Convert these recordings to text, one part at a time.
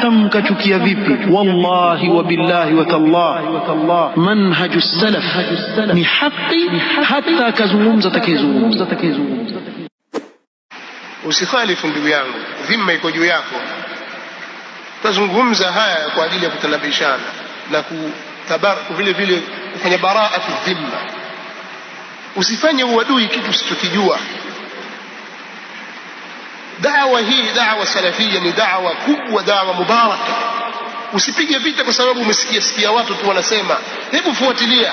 hata mkachukia vipi. Wallahi wa billahi wa tallahi, manhaju salaf ni haki, hata akazungumza atakayezungumza. Usikhalifu ndugu yangu, dhima iko juu yako. Tazungumza haya kwa ajili ya kutalabishana na vile vile kufanya baraa fi dhimma. Usifanye uadui kitu usichokijua. Dawa hii dawa salafia ni dawa kubwa, dawa mubaraka. Usipige vita kwa sababu umesikia sikia watu tu wanasema. Hebu fuatilia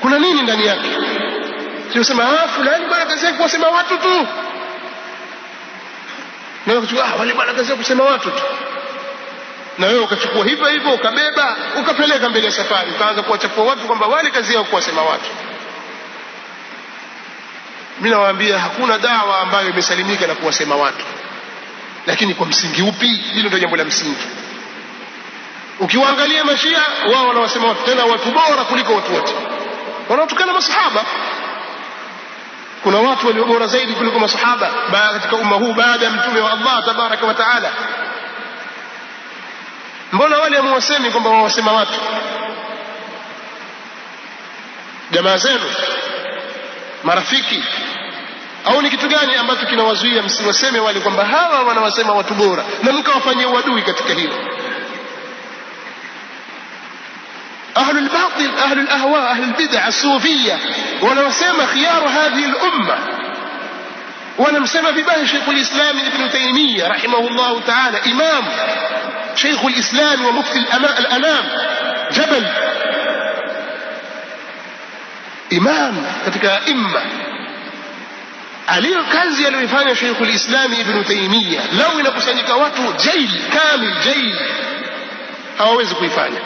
kuna nini ndani yake, sio sema ah, fulani bwana kazi yake kusema watu tu, na wewe ah, wale bwana kazi yake kusema watu tu, na wewe ukachukua hivyo hivyo ukabeba ukapeleka mbele ya safari, ukaanza kuwachafua watu kwamba wale kazi yao kuwasema watu mimi nawaambia hakuna dawa ambayo imesalimika na kuwasema watu, lakini kwa msingi upi? Hilo ndio jambo la msingi. Ukiwaangalia Mashia, wao wanawasema watu, tena watu bora kuliko watu wote, wanaotukana masahaba. Kuna watu walio bora zaidi kuliko masahaba katika umma huu baada ya mtume wa Allah tabaraka wa taala. Mbona wale hamuwasemi kwamba wawasema watu? Jamaa zenu, marafiki au ni kitu gani ambacho kinawazuia msiwaseme wale kwamba hawa wanawasema watu bora na mkawafanyia uadui katika hilo أهل الباطل أهل الأهواء أهل البدع الصوفية ولو سمى خيار هذه الأمة ولم سمى ببه شيخ الإسلام ابن تيمية رحمه الله تعالى إمام شيخ الإسلام ومفتي الأنام جبل إمام تتكى إمّا aliyo kazi aliyoifanya Sheikhul Islam Ibn Taymiyyah, lau inakusanyika watu jaili kamil jaili, hawawezi kuifanya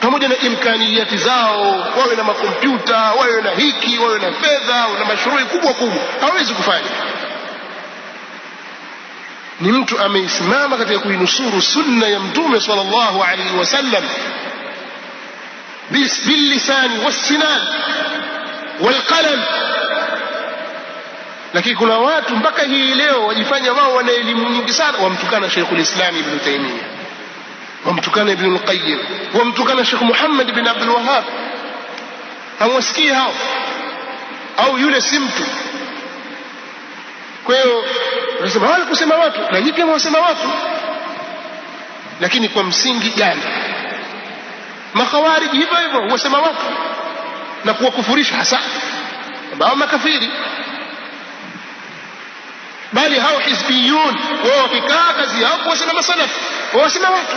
pamoja na imkaniyati zao, wawe na makompyuta, wawe na hiki, wawe na fedha na mashuruhi kubwa kubwa, hawawezi kufanya. Ni mtu ameisimama katika kuinusuru sunna ya Mtume sallallahu alaihi wasallam billisani wassinan walqalam Lakini kuna watu mpaka hii leo wajifanya wao wana elimu nyingi sana, wamtukana Sheikhul Islam Ibnu Taimia, wamtukana Ibnu Lqayim, wamtukana Sheikh Muhammad bin Abdul Wahab. Hamwasikii hao au yule si mtu. Kwa hiyo unasema wale kusema watu na nyinyi pia mwasema watu, lakini kwa msingi gani? Makhawariji hivyo hivyo wasema watu na kuwakufurisha hasa ambao makafiri bali hao hizbiyun wao wamekaa kazi yao kuwasema masalafu, wawasema watu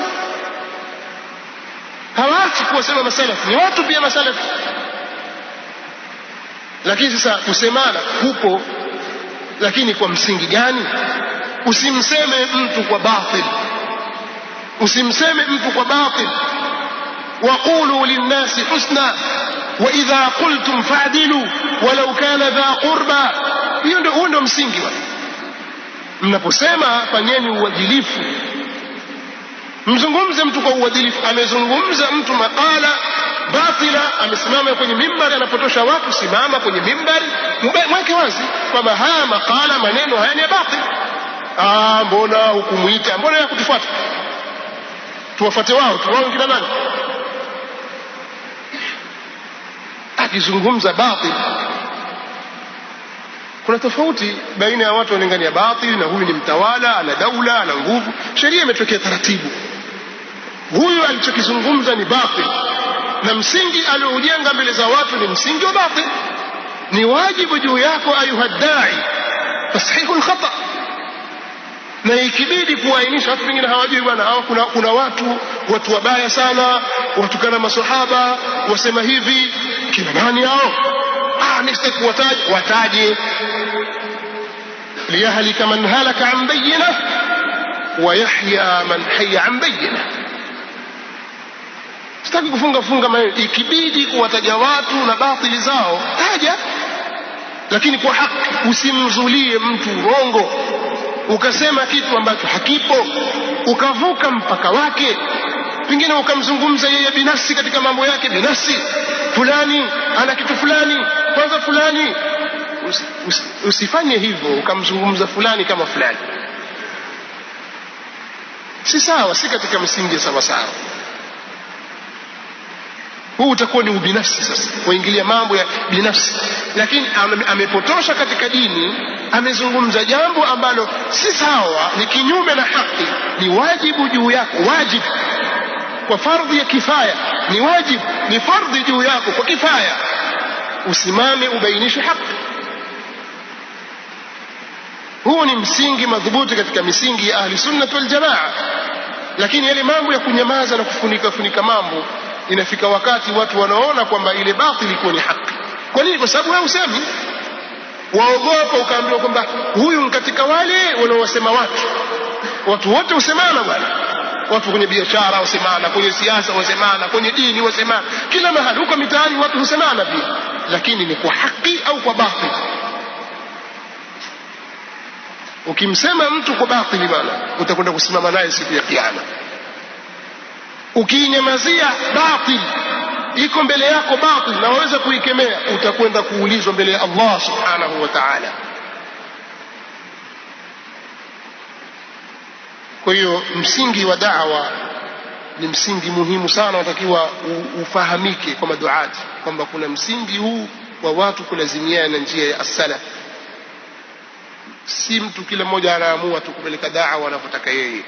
hawaachi kuwasema masalafu, ni watu pia masalafu. Lakini sasa kusemana huko, lakini kwa msingi gani? Usimseme mtu kwa batil, usimseme mtu kwa batil. Waqulu linnasi husna wa idha qultum fa'dilu walau kana dha qurba. Hiyo ndio, msingi wao mnaposema fanyeni uadilifu, mzungumze mtu kwa uadilifu. Amezungumza mtu makala batila, amesimama kwenye mimbari, anapotosha watu, simama kwenye mimbari, mweke wazi kwamba haya makala, maneno haya ni ya batil. Ah, mbona hukumwita? Mbona yakutufuata? Tuwafuate wao, tuwao kina nani akizungumza batil kuna tofauti baina ya watu walingania batili na huyu ni mtawala, ana daula, ana nguvu. Sheria imetokea taratibu. Huyu alichokizungumza ni batili, na msingi alioujenga mbele za watu ni msingi wa batili. Ni wajibu juu yako ayuhadai dai lkhata, na ikibidi kuwaainisha watu pengine hawajui bwana, hawa kuna, kuna watu watu wabaya sana, watukana masahaba, wasema hivi. Kina nani hao? Ah, nisitaki kuwataja, wataje liyahlika man halaka عن bayina ويحيى من man haya بينه bayina. Sitaki kufunga funga maneno, ikibidi kuwataja watu na batili zao taja, lakini kwa haki. Usimzulie mtu urongo ukasema kitu ambacho hakipo, ukavuka mpaka wake, pengine ukamzungumza yeye binafsi katika mambo yake binafsi. Fulani ana kitu fulani, kwanza fulani usi, usi, usifanye hivyo ukamzungumza fulani kama fulani, si sawa, si katika misingi ya sawasawa. Huu utakuwa ni ubinafsi, sasa kuingilia mambo ya binafsi. Lakini amepotosha katika dini, amezungumza jambo ambalo si sawa, ni kinyume na haki, ni wajibu juu yako, wajibu kwa fardhi ya kifaya, ni wajibu, ni fardhi juu yako kwa kifaya, usimame ubainishe haki. Huu ni msingi madhubuti katika misingi ya ahli sunnati wal jamaa. Lakini yale mambo ya kunyamaza na kufunika funika mambo, inafika wakati watu wanaona kwamba ile batili ilikuwa ni haki. Kwa nini? Kwa sababu wewe usemi, waogopa ukaambiwa kwamba huyu ni katika wale wanaowasema watu. Watu wote husemana bwana, watu kwenye biashara wasemana, kwenye siasa wasemana, kwenye dini wasemana, kila mahali, huko mitaani watu husemana pia, lakini ni kwa haki au kwa batili Ukimsema mtu kwa batili, bwana, utakwenda kusimama naye siku ya Kiyama. Ukiinyamazia batili, iko mbele yako batili na waweza kuikemea, utakwenda kuulizwa mbele ya Allah subhanahu wa ta'ala. Kwa hiyo msingi wa da'wa ni msingi muhimu sana, unatakiwa ufahamike kwa maduati kwamba kuna msingi huu wa watu kulazimiana na njia ya as-salaf si mtu kila mmoja anaamua tu kupeleka dawa yeye